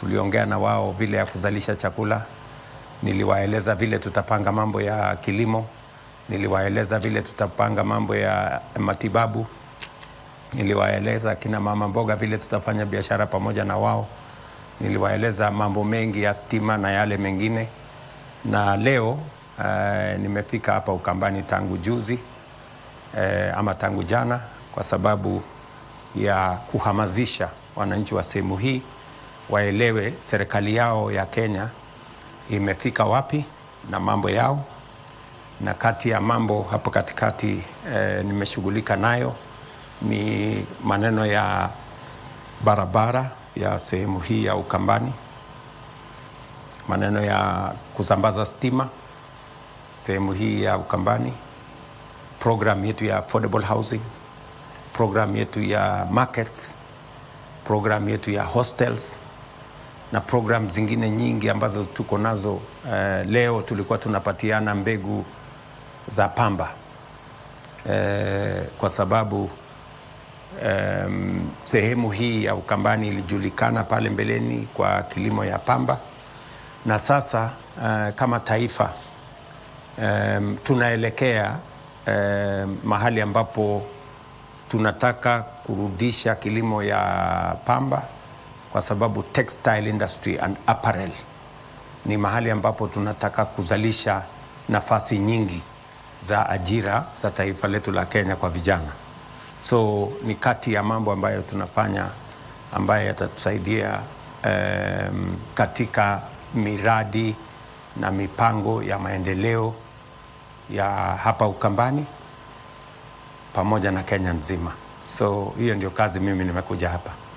tuliongea na wao vile ya kuzalisha chakula, niliwaeleza vile tutapanga mambo ya kilimo, niliwaeleza vile tutapanga mambo ya matibabu, niliwaeleza kina mama mboga vile tutafanya biashara pamoja na wao, niliwaeleza mambo mengi ya stima na yale mengine. Na leo uh, nimefika hapa Ukambani tangu juzi uh, ama tangu jana kwa sababu ya kuhamasisha wananchi wa sehemu hii waelewe serikali yao ya Kenya imefika wapi na mambo yao. Na kati ya mambo hapo katikati eh, nimeshughulika nayo ni maneno ya barabara ya sehemu hii ya Ukambani, maneno ya kusambaza stima sehemu hii ya Ukambani, program yetu ya affordable housing, program yetu ya markets, program yetu ya hostels na program zingine nyingi ambazo tuko nazo uh, Leo tulikuwa tunapatiana mbegu za pamba uh, kwa sababu um, sehemu hii ya Ukambani ilijulikana pale mbeleni kwa kilimo ya pamba na sasa uh, kama taifa um, tunaelekea um, mahali ambapo tunataka kurudisha kilimo ya pamba kwa sababu textile industry and apparel ni mahali ambapo tunataka kuzalisha nafasi nyingi za ajira za taifa letu la Kenya kwa vijana. So ni kati ya mambo ambayo tunafanya ambayo yatatusaidia um, katika miradi na mipango ya maendeleo ya hapa Ukambani pamoja na Kenya nzima. So hiyo ndio kazi mimi nimekuja hapa.